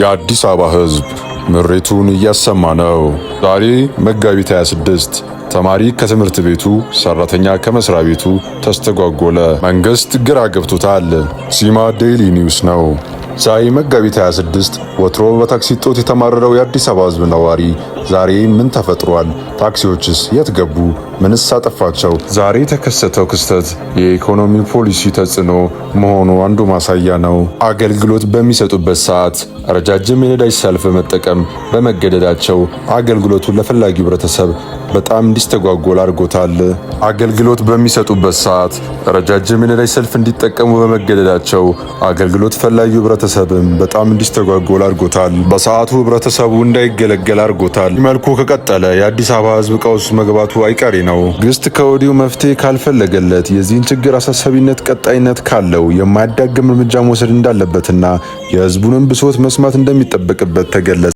የአዲስ አበባ ህዝብ ምሬቱን እያሰማ ነው። ዛሬ መጋቢት 26 ተማሪ ከትምህርት ቤቱ፣ ሰራተኛ ከመስሪያ ቤቱ ተስተጓጎለ። መንግስት ግራ ገብቶታል። ሲማ ዴይሊ ኒውስ ነው። ዛሬ መጋቢት 26 ወትሮ በታክሲ ጦት የተማረረው የአዲስ አበባ ህዝብ ነዋሪ ዛሬ ምን ተፈጥሯል? ታክሲዎችስ የት ገቡ? ምንስ አጠፋቸው? ዛሬ የተከሰተው ክስተት የኢኮኖሚ ፖሊሲ ተጽዕኖ መሆኑ አንዱ ማሳያ ነው። አገልግሎት በሚሰጡበት ሰዓት ረጃጅም የነዳጅ ሰልፍ በመጠቀም በመገደዳቸው አገልግሎቱን ለፈላጊው ህብረተሰብ በጣም እንዲስተጓጎል አድርጎታል። አገልግሎት በሚሰጡበት ሰዓት ረጃጅም የነዳጅ ሰልፍ እንዲጠቀሙ በመገደዳቸው አገልግሎት ፈላጊው ህብረተሰብም በጣም እንዲስተጓጎል አድርጎታል። በሰዓቱ ህብረተሰቡ እንዳይገለገል አድርጎታል። መልኩ ከቀጠለ የአዲስ አበባ ህዝብ ቀውስ መግባቱ አይቀሬ ነው። ነው። ግስት ከወዲሁ መፍትሄ ካልፈለገለት የዚህን ችግር አሳሳቢነት ቀጣይነት ካለው የማያዳግም እርምጃ መውሰድ እንዳለበትና የህዝቡንም ብሶት መስማት እንደሚጠበቅበት ተገለጸ።